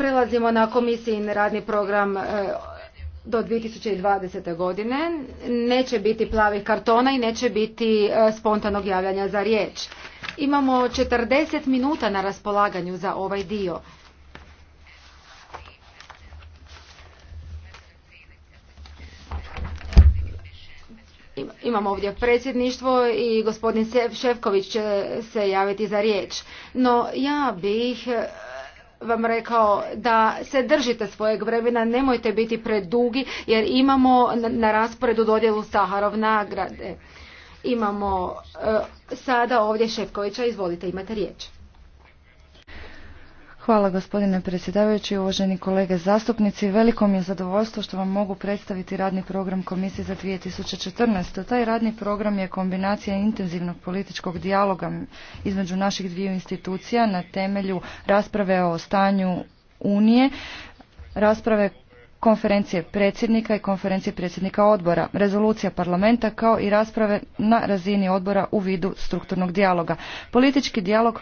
Prelazimo na komisijin radni program e, do 2020. godine. Neće biti plavih kartona i neće biti e, spontanog javljanja za riječ. Imamo 40 minuta na raspolaganju za ovaj dio. Imamo ovdje predsjedništvo i gospodin Šefković će se javiti za riječ. No ja bih e, vam rekao da se držite svojeg vremena, nemojte biti predugi jer imamo na rasporedu dodjelu Saharov nagrade. Imamo e, sada ovdje Šefkovića, izvolite imate riječ. Hvala gospodine predsjedavajući, uvaženi kolege zastupnici. Veliko mi je zadovoljstvo što vam mogu predstaviti radni program Komisije za 2014. Taj radni program je kombinacija intenzivnog političkog dijaloga između naših dviju institucija na temelju rasprave o stanju Unije, rasprave konferencije predsjednika i konferencije predsjednika odbora, rezolucija parlamenta kao i rasprave na razini odbora u vidu strukturnog dijaloga. Politički dijalog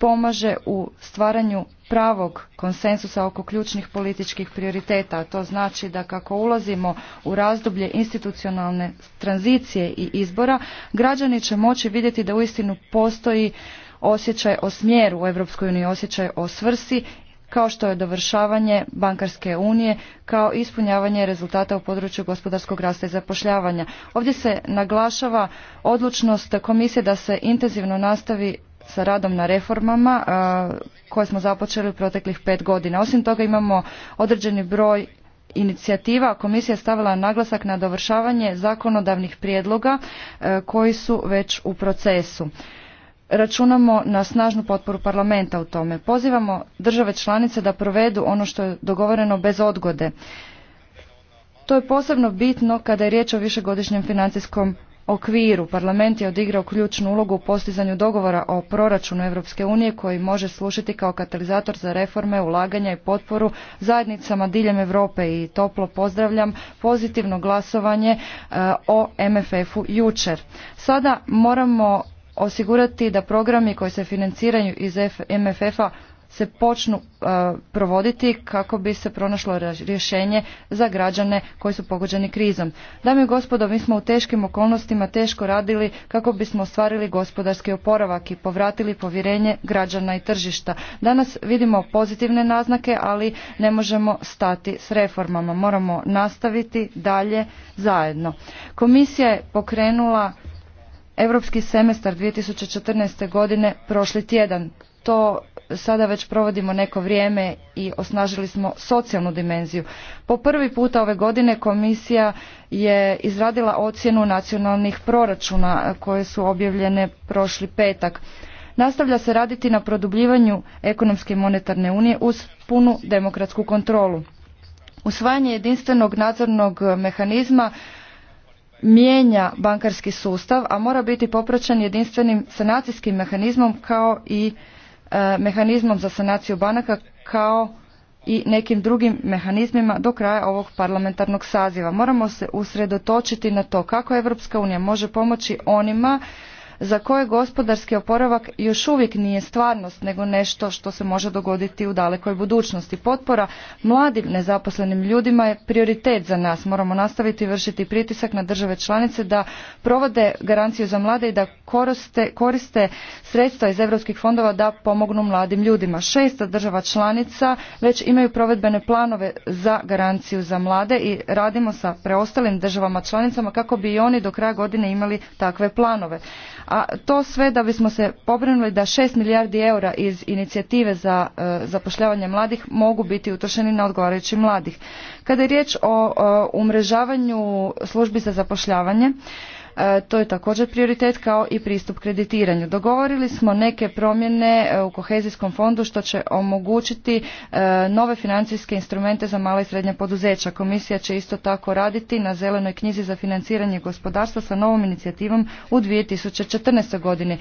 pomaže u stvaranju pravog konsensusa oko ključnih političkih prioriteta, to znači da kako ulazimo u razdoblje institucionalne tranzicije i izbora, građani će moći vidjeti da uistinu postoji osjećaj o smjeru u Europskoj uniji, osjećaj o svrsi kao što je dovršavanje bankarske unije, kao ispunjavanje rezultata u području gospodarskog rasta i zapošljavanja. Ovdje se naglašava odlučnost komisije da se intenzivno nastavi sa radom na reformama koje smo započeli u proteklih pet godina. Osim toga imamo određeni broj inicijativa. Komisija je stavila naglasak na dovršavanje zakonodavnih prijedloga koji su već u procesu. Računamo na snažnu potporu parlamenta u tome. Pozivamo države članice da provedu ono što je dogovoreno bez odgode. To je posebno bitno kada je riječ o višegodišnjem financijskom okviru parlament je odigrao ključnu ulogu u postizanju dogovora o proračunu Europske unije koji može slušati kao katalizator za reforme, ulaganja i potporu zajednicama diljem Europe i toplo pozdravljam pozitivno glasovanje eh, o MFF-u jučer. Sada moramo osigurati da programi koji se financiraju iz MFF-a se počnu e, provoditi kako bi se pronašlo rješenje za građane koji su pogođeni krizom. Dame i gospodo, mi smo u teškim okolnostima teško radili kako bismo ostvarili gospodarski oporavak i povratili povjerenje građana i tržišta. Danas vidimo pozitivne naznake, ali ne možemo stati s reformama. Moramo nastaviti dalje zajedno. Komisija je pokrenula Europski semestar 2014. godine prošli tjedan to sada već provodimo neko vrijeme i osnažili smo socijalnu dimenziju. Po prvi puta ove godine komisija je izradila ocjenu nacionalnih proračuna koje su objavljene prošli petak. Nastavlja se raditi na produbljivanju ekonomske i monetarne unije uz punu demokratsku kontrolu. Usvajanje jedinstvenog nadzornog mehanizma mijenja bankarski sustav, a mora biti popraćen jedinstvenim sanacijskim mehanizmom kao i E, mehanizmom za sanaciju banaka kao i nekim drugim mehanizmima do kraja ovog parlamentarnog saziva. Moramo se usredotočiti na to kako Europska unija može pomoći onima za koje gospodarski oporavak još uvijek nije stvarnost nego nešto što se može dogoditi u dalekoj budućnosti. Potpora mladim nezaposlenim ljudima je prioritet za nas. Moramo nastaviti vršiti pritisak na države članice da provode garanciju za mlade i da koriste, koriste sredstva iz europskih fondova da pomognu mladim ljudima. Šest država članica već imaju provedbene planove za garanciju za mlade i radimo sa preostalim državama članicama kako bi i oni do kraja godine imali takve planove a to sve da bismo se pobrinuli da 6 milijardi eura iz inicijative za e, zapošljavanje mladih mogu biti utrošeni na odgovarajući mladih. Kada je riječ o e, umrežavanju službi za zapošljavanje, E, to je također prioritet kao i pristup kreditiranju. Dogovorili smo neke promjene e, u kohezijskom fondu što će omogućiti e, nove financijske instrumente za mala i srednja poduzeća. Komisija će isto tako raditi na zelenoj knjizi za financiranje gospodarstva sa novom inicijativom u 2014. godini.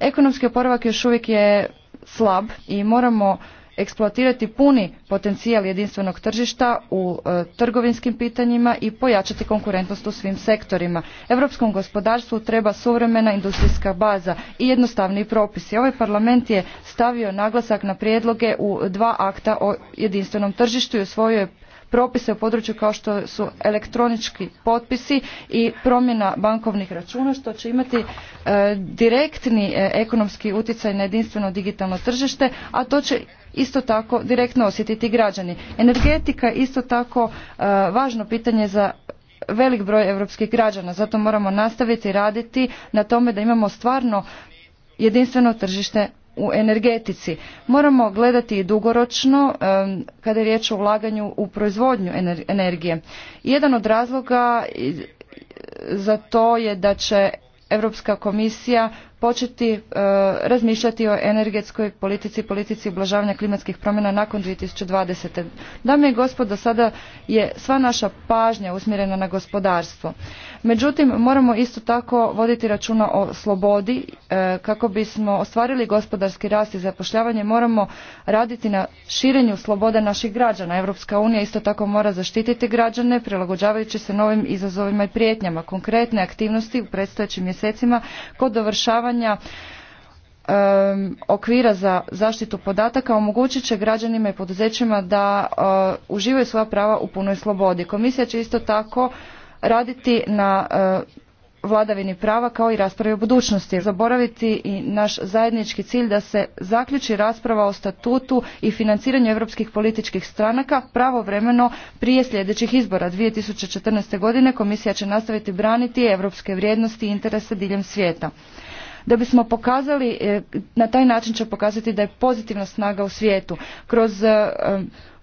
Ekonomski oporavak još uvijek je slab i moramo eksploatirati puni potencijal jedinstvenog tržišta u e, trgovinskim pitanjima i pojačati konkurentnost u svim sektorima. Europskom gospodarstvu treba suvremena industrijska baza i jednostavni propisi. Ovaj parlament je stavio naglasak na prijedloge u dva akta o jedinstvenom tržištu i usvojio je propise u području kao što su elektronički potpisi i promjena bankovnih računa što će imati e, direktni e, ekonomski utjecaj na jedinstveno digitalno tržište, a to će isto tako direktno osjetiti građani. Energetika je isto tako e, važno pitanje za velik broj europskih građana, zato moramo nastaviti raditi na tome da imamo stvarno jedinstveno tržište u energetici. Moramo gledati i dugoročno kada je riječ o ulaganju u proizvodnju energije. Jedan od razloga za to je da će Europska komisija početi e, razmišljati o energetskoj politici i politici ublažavanja klimatskih promjena nakon 2020. Dame i gospodo, sada je sva naša pažnja usmjerena na gospodarstvo. Međutim, moramo isto tako voditi računa o slobodi. E, kako bismo ostvarili gospodarski rast i zapošljavanje, moramo raditi na širenju slobode naših građana. Europska unija isto tako mora zaštititi građane, prilagođavajući se novim izazovima i prijetnjama. Konkretne aktivnosti u predstojećim mjesecima kod dovršavanja e, okvira za zaštitu podataka omogućit će građanima i poduzećima da e, uživaju svoja prava u punoj slobodi. Komisija će isto tako raditi na e, vladavini prava kao i raspravi o budućnosti. Zaboraviti i naš zajednički cilj da se zaključi rasprava o statutu i financiranju europskih političkih stranaka pravovremeno prije sljedećih izbora. 2014. godine komisija će nastaviti braniti europske vrijednosti i interese diljem svijeta. Da bismo pokazali, e, na taj način će pokazati da je pozitivna snaga u svijetu. Kroz e,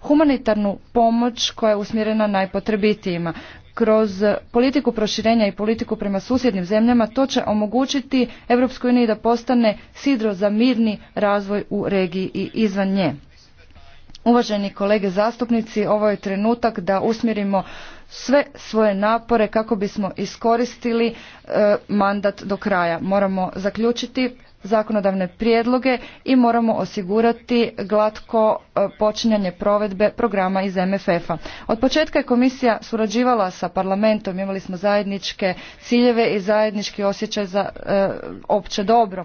humanitarnu pomoć koja je usmjerena najpotrebitijima kroz politiku proširenja i politiku prema susjednim zemljama to će omogućiti Europskoj da postane sidro za mirni razvoj u regiji i izvan nje. Uvaženi kolege zastupnici, ovo je trenutak da usmjerimo sve svoje napore kako bismo iskoristili e, mandat do kraja. Moramo zaključiti zakonodavne prijedloge i moramo osigurati glatko e, počinjanje provedbe programa iz MFF-a. Od početka je komisija surađivala sa parlamentom, imali smo zajedničke ciljeve i zajednički osjećaj za e, opće dobro.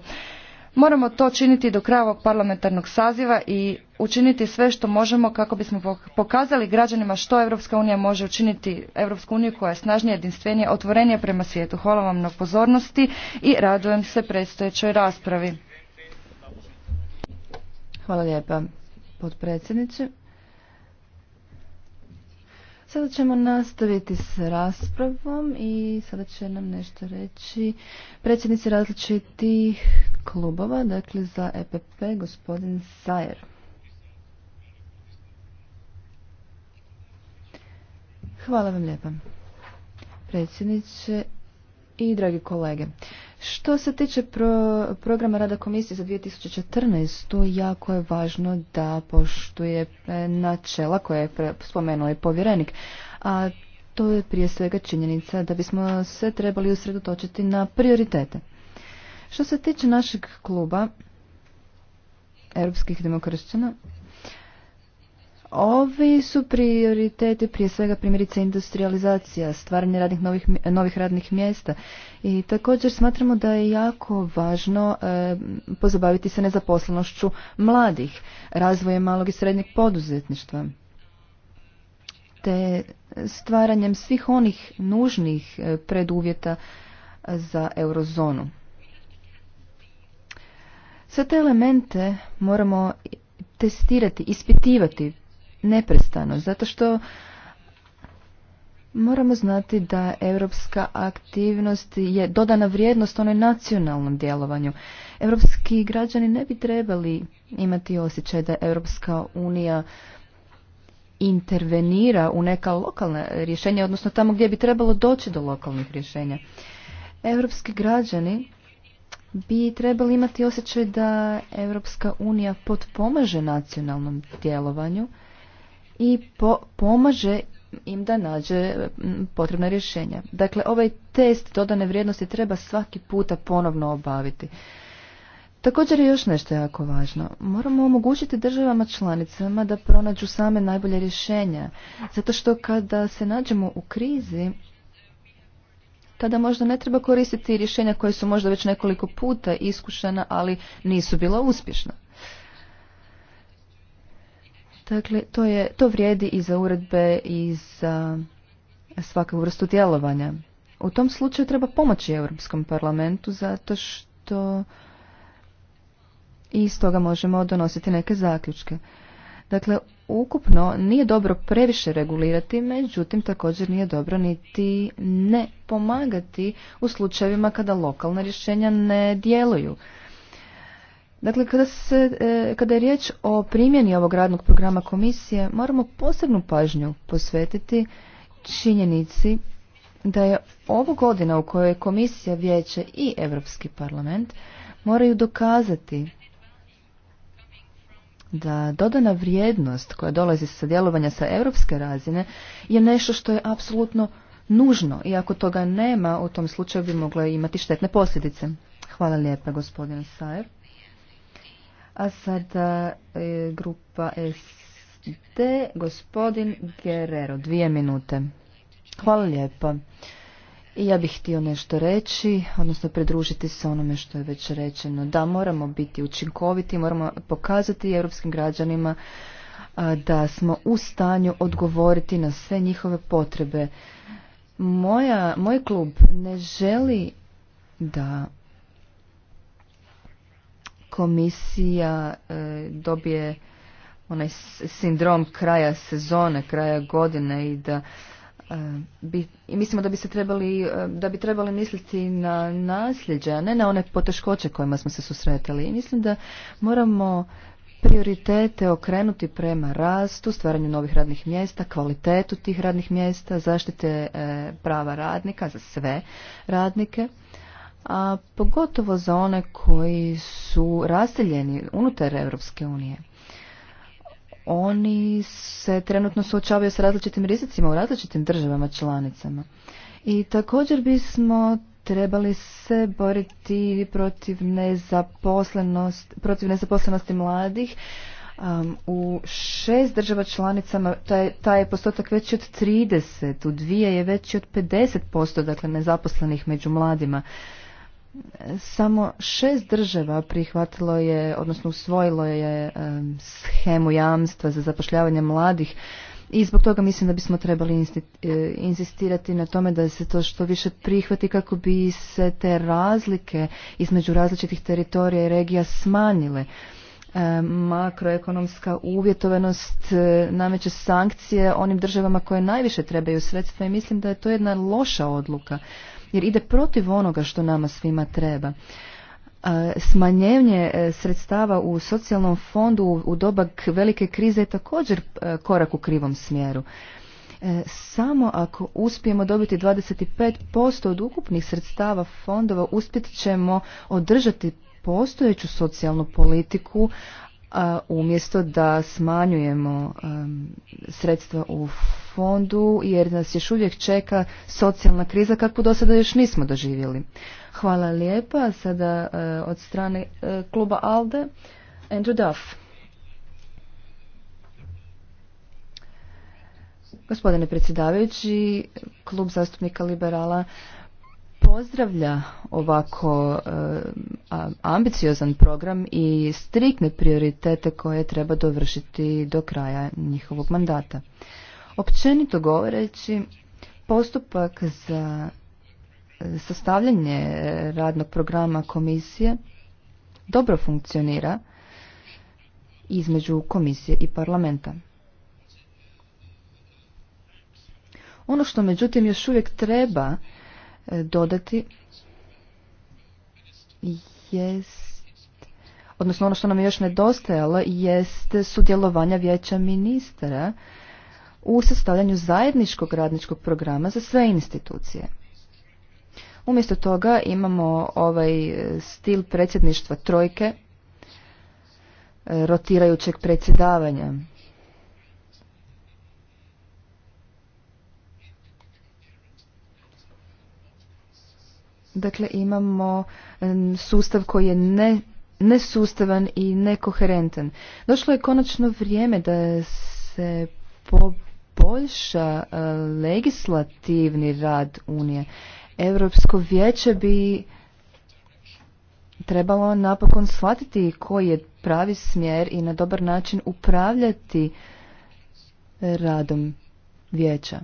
Moramo to činiti do kraja ovog parlamentarnog saziva i učiniti sve što možemo kako bismo pokazali građanima što Europska unija može učiniti Europsku uniju koja je snažnija, jedinstvenija, otvorenija prema svijetu. Hvala vam na pozornosti i radujem se predstojećoj raspravi. Hvala lijepa, potpredsjedniče. Sada ćemo nastaviti s raspravom i sada će nam nešto reći predsjednici različitih klubova, dakle za EPP, gospodin Sajer. Hvala vam lijepa, predsjedniče i dragi kolege. Što se tiče pro, programa rada komisije za 2014. To jako je važno da poštuje e, načela koje je spomenuo i povjerenik. A to je prije svega činjenica da bismo se trebali usredotočiti na prioritete. Što se tiče našeg kluba, europskih demokršćana, Ovi su prioriteti prije svega primjerice industrializacija, stvaranje radnih novih, novih radnih mjesta i također smatramo da je jako važno eh, pozabaviti se nezaposlenošću mladih, razvojem malog i srednjeg poduzetništva te stvaranjem svih onih nužnih eh, preduvjeta za eurozonu. Sve te elemente moramo testirati, ispitivati neprestano, zato što moramo znati da europska aktivnost je dodana vrijednost onoj nacionalnom djelovanju. Europski građani ne bi trebali imati osjećaj da Europska unija intervenira u neka lokalna rješenja, odnosno tamo gdje bi trebalo doći do lokalnih rješenja. Europski građani bi trebali imati osjećaj da Europska unija potpomaže nacionalnom djelovanju i pomaže im da nađe potrebna rješenja. Dakle, ovaj test dodane vrijednosti treba svaki puta ponovno obaviti. Također je još nešto jako važno. Moramo omogućiti državama članicama da pronađu same najbolje rješenja. Zato što kada se nađemo u krizi, tada možda ne treba koristiti rješenja koje su možda već nekoliko puta iskušena, ali nisu bila uspješna. Dakle, to, je, to vrijedi i za uredbe i za svaku vrstu djelovanja. U tom slučaju treba pomoći Europskom parlamentu zato što i iz toga možemo donositi neke zaključke. Dakle, ukupno nije dobro previše regulirati, međutim također nije dobro niti ne pomagati u slučajevima kada lokalna rješenja ne djeluju. Dakle, kada, se, e, kada je riječ o primjeni ovog radnog programa komisije, moramo posebnu pažnju posvetiti činjenici da je ovo godina u kojoj komisija, vijeće i Europski parlament moraju dokazati da dodana vrijednost koja dolazi sa djelovanja sa europske razine je nešto što je apsolutno nužno i ako toga nema u tom slučaju bi moglo imati štetne posljedice. Hvala lijepa gospodine Sajer. A sada e, grupa SD, gospodin Guerrero, dvije minute. Hvala lijepa. I ja bih htio nešto reći, odnosno pridružiti se onome što je već rečeno. Da, moramo biti učinkoviti, moramo pokazati europskim građanima e, da smo u stanju odgovoriti na sve njihove potrebe. Moja, moj klub ne želi da komisija e, dobije onaj sindrom kraja sezone, kraja godine i da e, bi, i mislimo da bi se trebali, e, da bi trebali misliti na nasljeđe, a ne na one poteškoće kojima smo se susretali. I mislim da moramo prioritete okrenuti prema rastu, stvaranju novih radnih mjesta, kvalitetu tih radnih mjesta, zaštite prava radnika za sve radnike a pogotovo za one koji su raseljeni unutar Europske unije. Oni se trenutno suočavaju s različitim rizicima u različitim državama članicama. I također bismo trebali se boriti protiv nezaposlenosti, protiv nezaposlenosti mladih. Um, u šest država članicama taj, je postotak veći od 30, u dvije je veći od 50%, dakle nezaposlenih među mladima samo šest država prihvatilo je, odnosno usvojilo je schemu jamstva za zapošljavanje mladih i zbog toga mislim da bismo trebali e, inzistirati na tome da se to što više prihvati kako bi se te razlike između različitih teritorija i regija smanjile. E, makroekonomska uvjetovanost e, nameće sankcije onim državama koje najviše trebaju sredstva i mislim da je to jedna loša odluka jer ide protiv onoga što nama svima treba e, smanjenje e, sredstava u socijalnom fondu u doba velike krize je također e, korak u krivom smjeru. Samo ako uspijemo dobiti 25% od ukupnih sredstava fondova, uspjet ćemo održati postojeću socijalnu politiku umjesto da smanjujemo sredstva u fondu jer nas još uvijek čeka socijalna kriza kakvu do sada još nismo doživjeli. Hvala lijepa. Sada eh, od strane eh, kluba ALDE, Andrew Duff. Gospodine predsjedavajući, klub zastupnika liberala pozdravlja ovako eh, ambiciozan program i striktne prioritete koje treba dovršiti do kraja njihovog mandata. Općenito govoreći, postupak za e, sastavljanje radnog programa komisije dobro funkcionira između komisije i parlamenta. Ono što međutim još uvijek treba e, dodati jest odnosno ono što nam je još nedostajalo jest sudjelovanja vijeća ministara u sastavljanju zajedničkog radničkog programa za sve institucije. Umjesto toga imamo ovaj e, stil predsjedništva trojke, e, rotirajućeg predsjedavanja. Dakle, imamo e, sustav koji je nesustavan i nekoherentan. Došlo je konačno vrijeme da se po, poboljša e, legislativni rad Unije. Europsko vijeće bi trebalo napokon shvatiti koji je pravi smjer i na dobar način upravljati radom vijeća.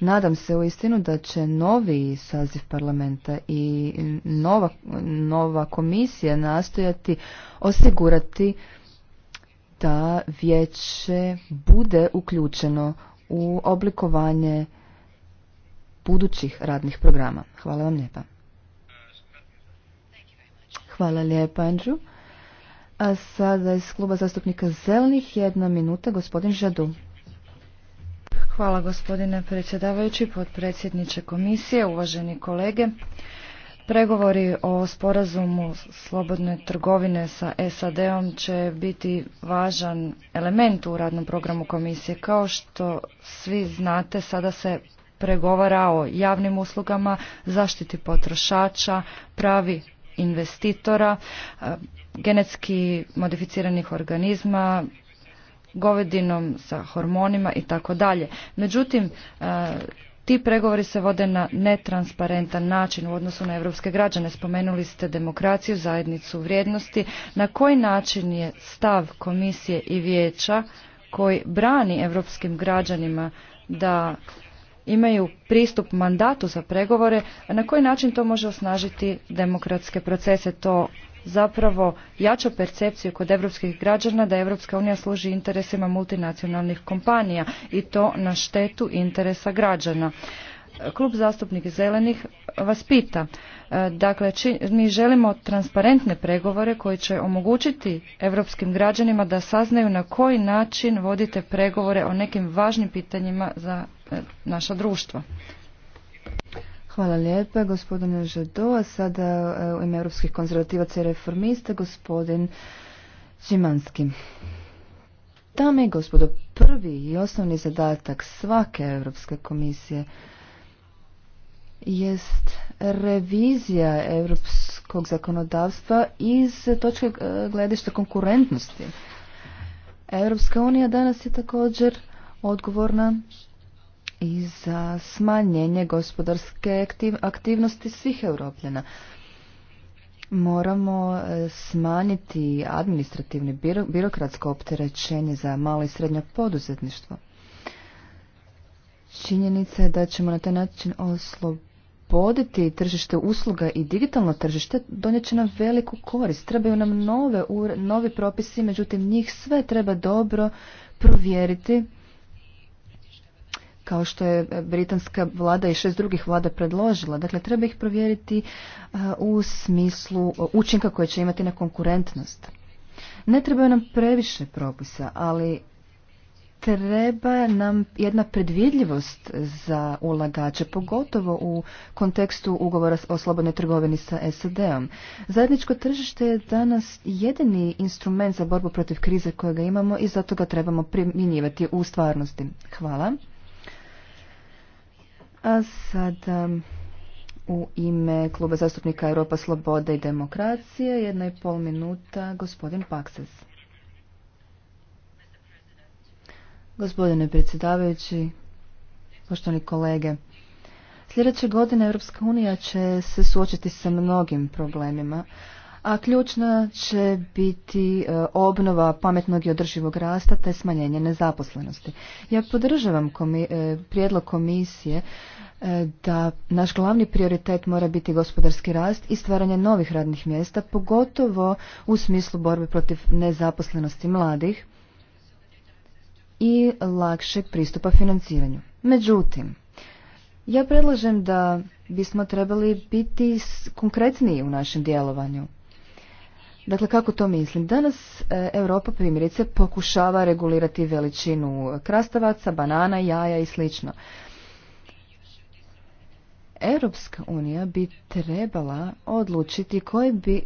Nadam se u istinu da će novi saziv parlamenta i nova, nova komisija nastojati osigurati da vijeće bude uključeno u oblikovanje budućih radnih programa. Hvala vam lijepa. Hvala lijepa, Andrew. A sada iz kluba zastupnika Zelnih jedna minuta, gospodin Žadu. Hvala gospodine predsjedavajući, potpredsjedniče komisije, uvaženi kolege. Pregovori o sporazumu slobodne trgovine sa SAD-om će biti važan element u radnom programu komisije. Kao što svi znate, sada se pregovara o javnim uslugama, zaštiti potrošača, pravi investitora, e, genetski modificiranih organizma, govedinom sa hormonima i tako dalje. Međutim, e, ti pregovori se vode na netransparentan način u odnosu na europske građane. Spomenuli ste demokraciju, zajednicu vrijednosti. Na koji način je stav komisije i vijeća koji brani europskim građanima da imaju pristup mandatu za pregovore, na koji način to može osnažiti demokratske procese, to zapravo jača percepciju kod europskih građana da Evropska unija služi interesima multinacionalnih kompanija i to na štetu interesa građana. Klub zastupnika zelenih vas pita, e, dakle mi želimo transparentne pregovore koji će omogućiti europskim građanima da saznaju na koji način vodite pregovore o nekim važnim pitanjima za e, naša društva. Hvala lijepa, gospodine Žado. A sada e, u ime Europskih konzervativaca i reformista, gospodin Čimanski. Dame i gospodo, prvi i osnovni zadatak svake Europske komisije jest revizija europskog zakonodavstva iz točke e, gledišta konkurentnosti. Europska unija danas je također odgovorna i za smanjenje gospodarske aktivnosti svih europljana. Moramo e, smanjiti administrativno birokratsko opterećenje za malo i srednje poduzetništvo. Činjenica je da ćemo na taj način osloboditi tržište usluga i digitalno tržište donijet će nam veliku korist. Trebaju nam nove, novi propisi, međutim njih sve treba dobro provjeriti kao što je britanska vlada i šest drugih vlada predložila. Dakle, treba ih provjeriti e, u smislu učinka koje će imati na konkurentnost. Ne trebaju nam previše propisa, ali treba nam jedna predvidljivost za ulagače, pogotovo u kontekstu ugovora o slobodnoj trgovini sa SAD-om. Zajedničko tržište je danas jedini instrument za borbu protiv krize kojega imamo i zato ga trebamo primjenjivati u stvarnosti. Hvala. A sada um, u ime Kluba zastupnika Europa Slobode i Demokracije, jedna i pol minuta, gospodin Paksas. Gospodine predsjedavajući, poštovani kolege, sljedeće godine Europska unija će se suočiti sa mnogim problemima a ključna će biti e, obnova pametnog i održivog rasta te smanjenje nezaposlenosti. Ja podržavam komi e, prijedlog komisije e, da naš glavni prioritet mora biti gospodarski rast i stvaranje novih radnih mjesta, pogotovo u smislu borbe protiv nezaposlenosti mladih i lakšeg pristupa financiranju. Međutim, ja predlažem da bismo trebali biti konkretniji u našem djelovanju. Dakle, kako to mislim? Danas e, Europa primjerice pokušava regulirati veličinu krastavaca, banana, jaja i slično. Europska unija bi trebala odlučiti koje bi,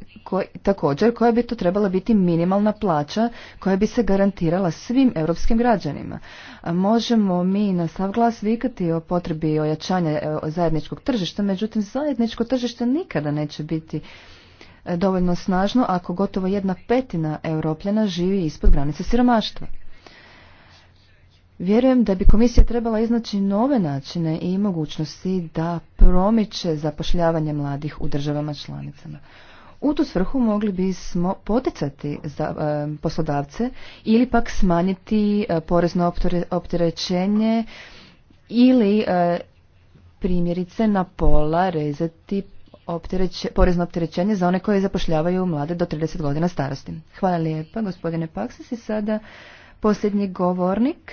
također koja bi to trebala biti minimalna plaća koja bi se garantirala svim europskim građanima. Možemo mi na sav glas vikati o potrebi ojačanja e, zajedničkog tržišta, međutim zajedničko tržište nikada neće biti dovoljno snažno ako gotovo jedna petina europljana živi ispod granice siromaštva. Vjerujem da bi komisija trebala iznaći nove načine i mogućnosti da promiče zapošljavanje mladih u državama članicama. U tu svrhu mogli bismo poticati za e, poslodavce ili pak smanjiti e, porezno opterećenje ili e, primjerice na pola rezati porezno opterećenje za one koje zapošljavaju mlade do 30 godina starosti. Hvala lijepa, gospodine Paksis. I sada posljednji govornik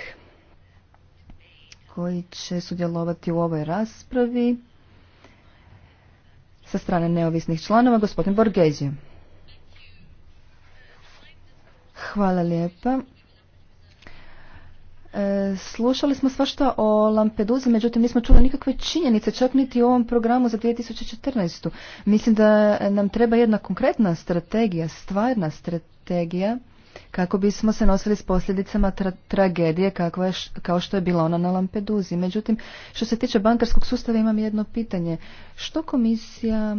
koji će sudjelovati u ovoj raspravi sa strane neovisnih članova, gospodin Borgezio. Hvala lijepa. E, slušali smo svašta o Lampeduzi, međutim nismo čuli nikakve činjenice, čak niti u ovom programu za 2014. Mislim da nam treba jedna konkretna strategija, stvarna strategija kako bismo se nosili s posljedicama tragedije kakva je kao što je bila ona na Lampeduzi. Međutim, što se tiče bankarskog sustava imam jedno pitanje. Što komisija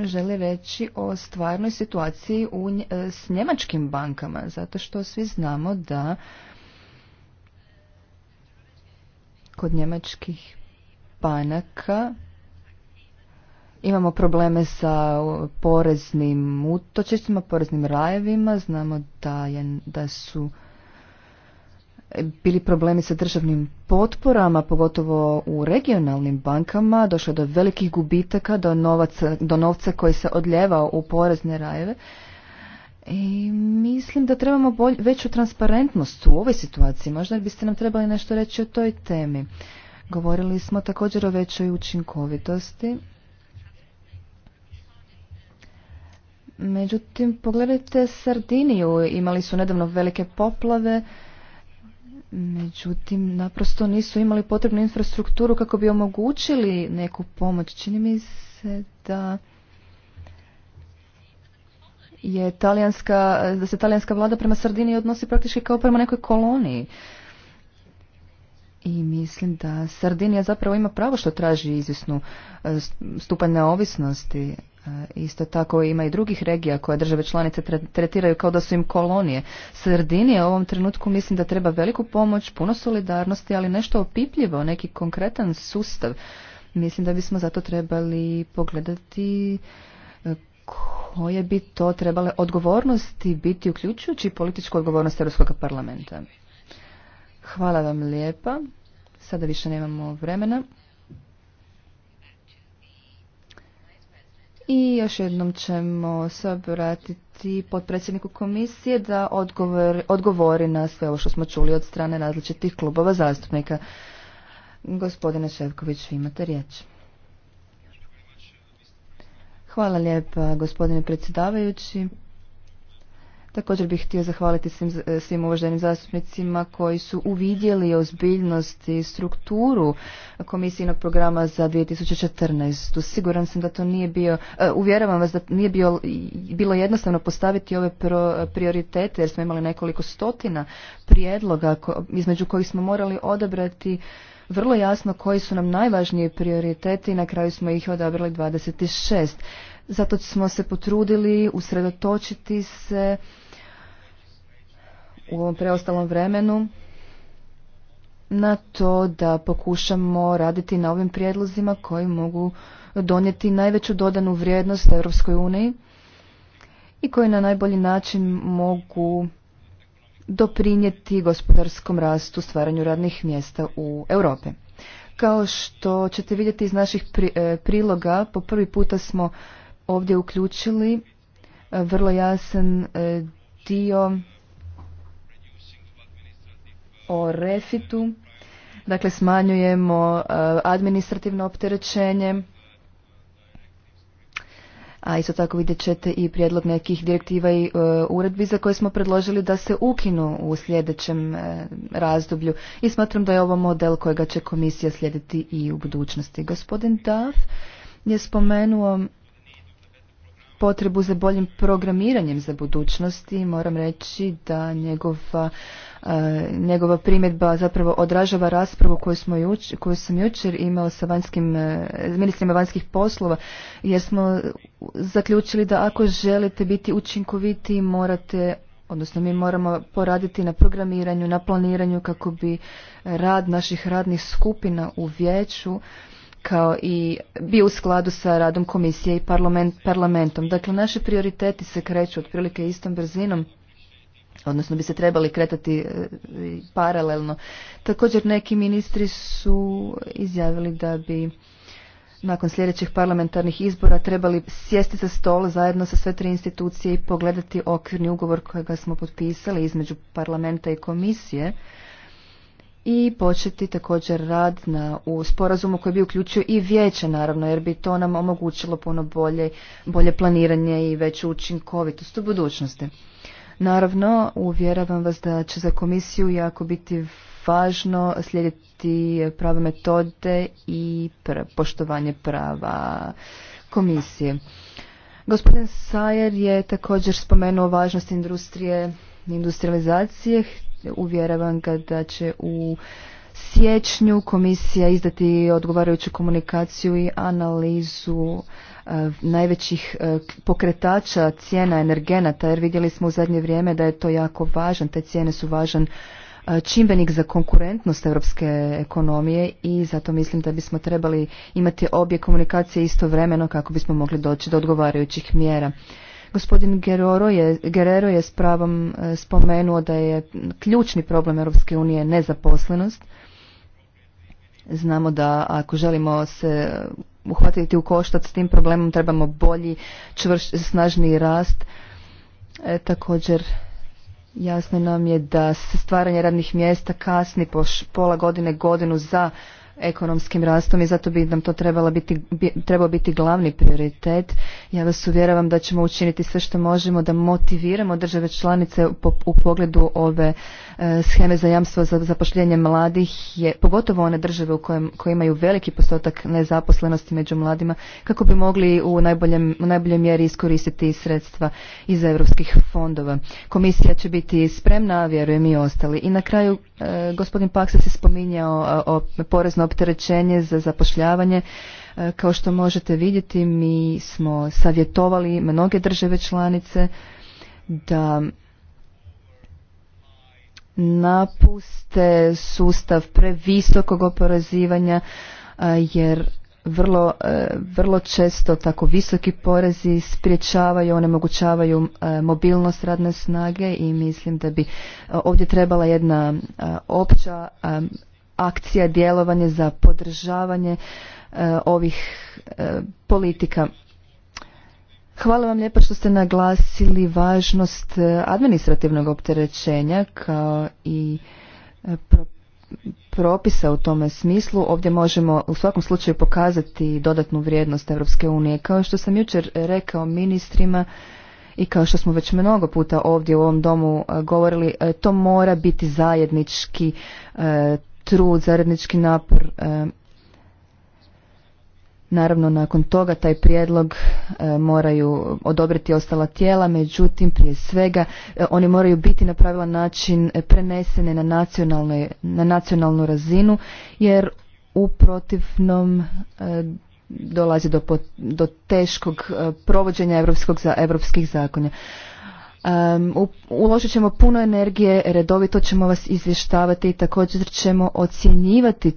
želi reći o stvarnoj situaciji u, e, s njemačkim bankama, zato što svi znamo da kod njemačkih banaka imamo probleme sa poreznim utočištima, poreznim rajevima, znamo da, je, da su bili problemi sa državnim potporama, pogotovo u regionalnim bankama, došlo je do velikih gubitaka, do, do novca koji se odljevao u porezne rajeve. I mislim da trebamo bolj, veću transparentnost u ovoj situaciji. Možda biste nam trebali nešto reći o toj temi. Govorili smo također o većoj učinkovitosti. Međutim, pogledajte Sardiniju. Imali su nedavno velike poplave međutim naprosto nisu imali potrebnu infrastrukturu kako bi omogućili neku pomoć. Čini mi se da je talijanska, da se talijanska vlada prema Sardini odnosi praktički kao prema nekoj koloniji. I mislim da Sardinija zapravo ima pravo što traži izvisnu e, stupanj neovisnosti. E, isto tako ima i drugih regija koje države članice tretiraju kao da su im kolonije. Sredinije u ovom trenutku mislim da treba veliku pomoć, puno solidarnosti, ali nešto opipljivo, neki konkretan sustav. Mislim da bismo zato trebali pogledati e, koje bi to trebale odgovornosti biti uključujući političku odgovornost Europskog parlamenta. Hvala vam lijepa. Sada više nemamo vremena. I još jednom ćemo se obratiti potpredsjedniku komisije da odgovori na sve ovo što smo čuli od strane različitih klubova zastupnika. Gospodine Ševković, vi imate riječ. Hvala lijepa, gospodine predsjedavajući. Također bih htio zahvaliti svim, svim uvaženim zastupnicima koji su uvidjeli ozbiljnost i strukturu komisijnog programa za 2014. Siguran sam da to nije bio, e, uvjeravam vas da nije bilo jednostavno postaviti ove prioritete jer smo imali nekoliko stotina prijedloga između kojih smo morali odabrati vrlo jasno koji su nam najvažniji prioriteti i na kraju smo ih odabrali 26. Zato smo se potrudili usredotočiti se u ovom preostalom vremenu na to da pokušamo raditi na ovim prijedlozima koji mogu donijeti najveću dodanu vrijednost Europskoj uniji i koji na najbolji način mogu doprinijeti gospodarskom rastu stvaranju radnih mjesta u Europi. Kao što ćete vidjeti iz naših e, priloga, po prvi puta smo ovdje uključili e, vrlo jasan e, dio o refitu. Dakle, smanjujemo e, administrativno opterećenje. A isto tako vidjet ćete i prijedlog nekih direktiva i uredbi za koje smo predložili da se ukinu u sljedećem razdoblju. I smatram da je ovo model kojega će komisija slijediti i u budućnosti. Gospodin Duff je spomenuo potrebu za boljim programiranjem za budućnosti. i moram reći da njegova, e, njegova primjedba zapravo odražava raspravu koju, smo juč, koju sam jučer imao sa vanjskim, e, ministrima vanjskih poslova jer smo zaključili da ako želite biti učinkoviti morate odnosno mi moramo poraditi na programiranju, na planiranju kako bi rad naših radnih skupina u vijeću kao i bi u skladu sa radom komisije i parlament, parlamentom. Dakle, naše prioriteti se kreću otprilike istom brzinom, odnosno bi se trebali kretati e, paralelno. Također neki ministri su izjavili da bi nakon sljedećih parlamentarnih izbora trebali sjesti za stol zajedno sa sve tri institucije i pogledati okvirni ugovor kojega smo potpisali između parlamenta i komisije i početi također rad na, u sporazumu koji bi uključio i vijeće naravno jer bi to nam omogućilo puno bolje, bolje planiranje i veću učinkovitost u budućnosti. Naravno, uvjeravam vas da će za komisiju jako biti važno slijediti prave metode i poštovanje prava komisije. Gospodin Sajer je također spomenuo važnost industrije, industrializacije uvjeravam ga da će u siječnju komisija izdati odgovarajuću komunikaciju i analizu e, najvećih e, pokretača cijena energenata jer vidjeli smo u zadnje vrijeme da je to jako važan, te cijene su važan e, čimbenik za konkurentnost europske ekonomije i zato mislim da bismo trebali imati obje komunikacije istovremeno kako bismo mogli doći do odgovarajućih mjera. Gospodin Guerrero je, Gerero je s pravom e, spomenuo da je ključni problem Europske unije nezaposlenost. Znamo da ako želimo se uhvatiti u koštac s tim problemom trebamo bolji, čvrš, snažniji rast. E, također jasno nam je da se stvaranje radnih mjesta kasni po pola godine godinu za ekonomskim rastom i zato bi nam to trebala biti, trebao biti glavni prioritet. Ja vas uvjeravam da ćemo učiniti sve što možemo da motiviramo države članice u pogledu ove E, scheme za jamstvo za zapošljenje mladih je pogotovo one države u kojem, koje imaju veliki postotak nezaposlenosti među mladima kako bi mogli u, najboljem, u najboljoj mjeri iskoristiti sredstva iz europskih fondova. Komisija će biti spremna, a vjerujem i ostali. I na kraju e, gospodin Paksas je spominjao o, o porezno opterećenje za zapošljavanje. E, kao što možete vidjeti, mi smo savjetovali mnoge države članice da napuste sustav previsokog oporezivanja jer vrlo, vrlo često tako visoki porezi spriječavaju, onemogućavaju mobilnost radne snage i mislim da bi ovdje trebala jedna opća akcija djelovanje za podržavanje ovih politika Hvala vam lijepa što ste naglasili važnost e, administrativnog opterećenja kao i e, propisa u tome smislu. Ovdje možemo u svakom slučaju pokazati dodatnu vrijednost Europske unije. Kao što sam jučer rekao ministrima i kao što smo već mnogo puta ovdje u ovom domu e, govorili, to mora biti zajednički trud, zajednički napor Naravno, nakon toga taj prijedlog e, moraju odobriti ostala tijela, međutim, prije svega, e, oni moraju biti na pravilan način prenesene na, na nacionalnu razinu, jer u protivnom e, dolazi do, do teškog provođenja evropskog, za, evropskih zakona. Um, uložit ćemo puno energije, redovito ćemo vas izvještavati i također ćemo ocjenjivati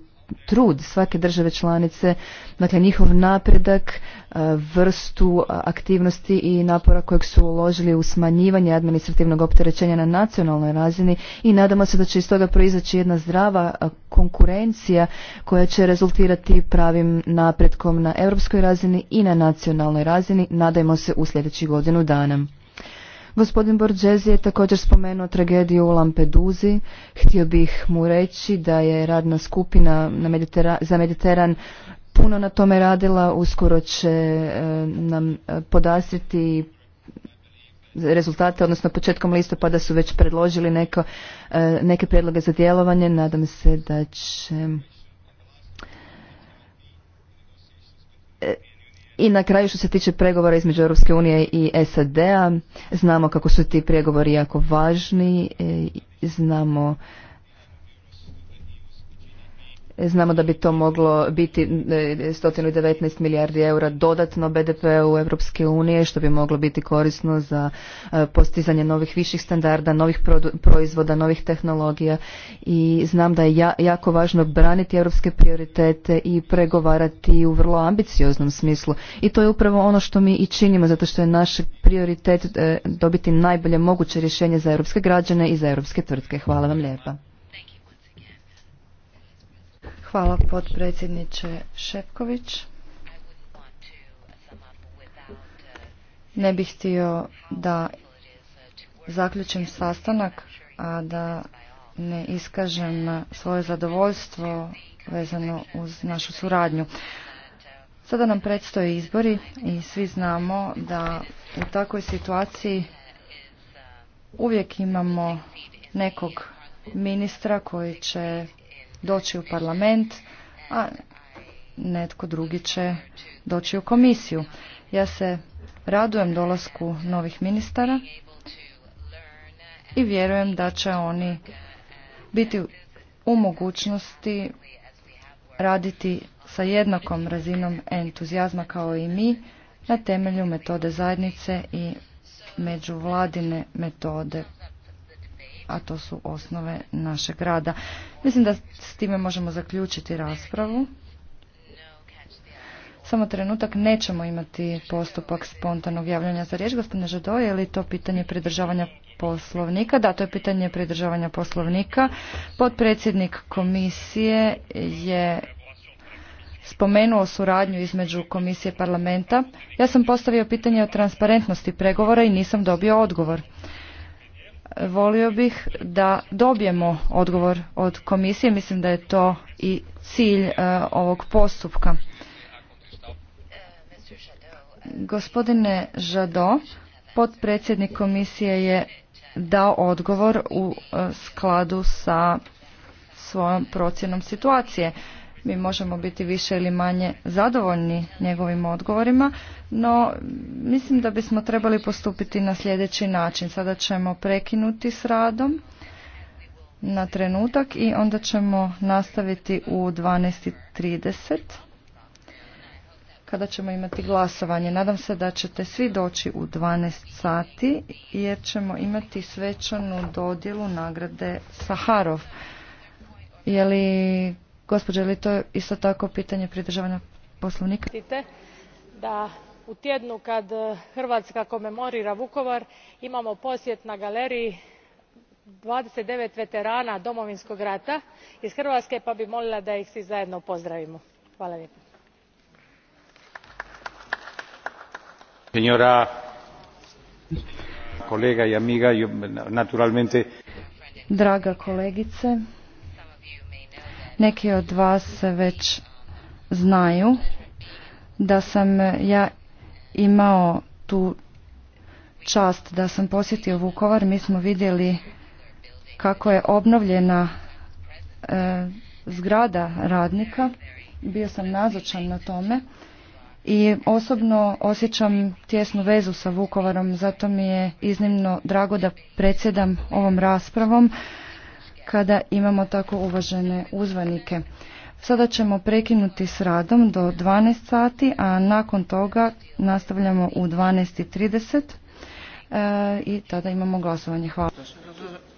trud svake države članice, dakle njihov napredak, e, vrstu aktivnosti i napora kojeg su uložili u smanjivanje administrativnog opterećenja na nacionalnoj razini i nadamo se da će iz toga proizaći jedna zdrava konkurencija koja će rezultirati pravim napretkom na europskoj razini i na nacionalnoj razini, nadajmo se u sljedećih godinu dana. Gospodin Borđezi je također spomenuo tragediju u Lampeduzi. Htio bih mu reći da je radna skupina na za Mediteran puno na tome radila. Uskoro će e, nam e, podastriti rezultate, odnosno početkom listopada su već predložili e, neke predloge za djelovanje. Nadam se da će... I na kraju što se tiče pregovora između Europske unije i SAD-a, znamo kako su ti pregovori jako važni, e, znamo Znamo da bi to moglo biti 119 e, milijardi eura dodatno BDP u Europske unije, što bi moglo biti korisno za e, postizanje novih viših standarda, novih proizvoda, novih tehnologija i znam da je jako važno braniti europske prioritete i pregovarati u vrlo ambicioznom smislu. I to je upravo ono što mi i činimo, zato što je naš prioritet e, dobiti najbolje moguće rješenje za europske građane i za europske tvrtke. Hvala vam lijepa. Hvala potpredsjedniče Šepković. Ne bih htio da zaključim sastanak, a da ne iskažem svoje zadovoljstvo vezano uz našu suradnju. Sada nam predstoje izbori i svi znamo da u takvoj situaciji uvijek imamo nekog ministra koji će doći u parlament, a netko drugi će doći u komisiju. Ja se radujem dolasku novih ministara i vjerujem da će oni biti u mogućnosti raditi sa jednakom razinom entuzijazma kao i mi na temelju metode zajednice i međuvladine metode a to su osnove našeg rada. Mislim da s time možemo zaključiti raspravu. Samo trenutak, nećemo imati postupak spontanog javljanja za riječ. Gospodine Žado, je li to pitanje pridržavanja poslovnika? Da, to je pitanje pridržavanja poslovnika. Potpredsjednik komisije je spomenuo suradnju između komisije parlamenta. Ja sam postavio pitanje o transparentnosti pregovora i nisam dobio odgovor volio bih da dobijemo odgovor od komisije. Mislim da je to i cilj e, ovog postupka. Gospodine Žado, potpredsjednik komisije je dao odgovor u e, skladu sa svojom procjenom situacije. Mi možemo biti više ili manje zadovoljni njegovim odgovorima, no mislim da bismo trebali postupiti na sljedeći način. Sada ćemo prekinuti s radom na trenutak i onda ćemo nastaviti u 12.30 kada ćemo imati glasovanje. Nadam se da ćete svi doći u 12 sati jer ćemo imati svečanu dodjelu nagrade Saharov. Je li gospođo je li to isto tako pitanje pridržavanja poslovnika? da u tjednu kad e, Hrvatska komemorira Vukovar imamo posjet na galeriji 29 veterana Domovinskog rata iz Hrvatske pa bi molila da ih svi zajedno pozdravimo. Hvala lijepo. naturalmente... Draga kolegice, neki od vas već znaju da sam ja imao tu čast da sam posjetio Vukovar. Mi smo vidjeli kako je obnovljena e, zgrada radnika. Bio sam nazočan na tome i osobno osjećam tjesnu vezu sa Vukovarom. Zato mi je iznimno drago da predsjedam ovom raspravom kada imamo tako uvažene uzvanike. Sada ćemo prekinuti s radom do 12 sati, a nakon toga nastavljamo u 12.30 e, i tada imamo glasovanje. Hvala.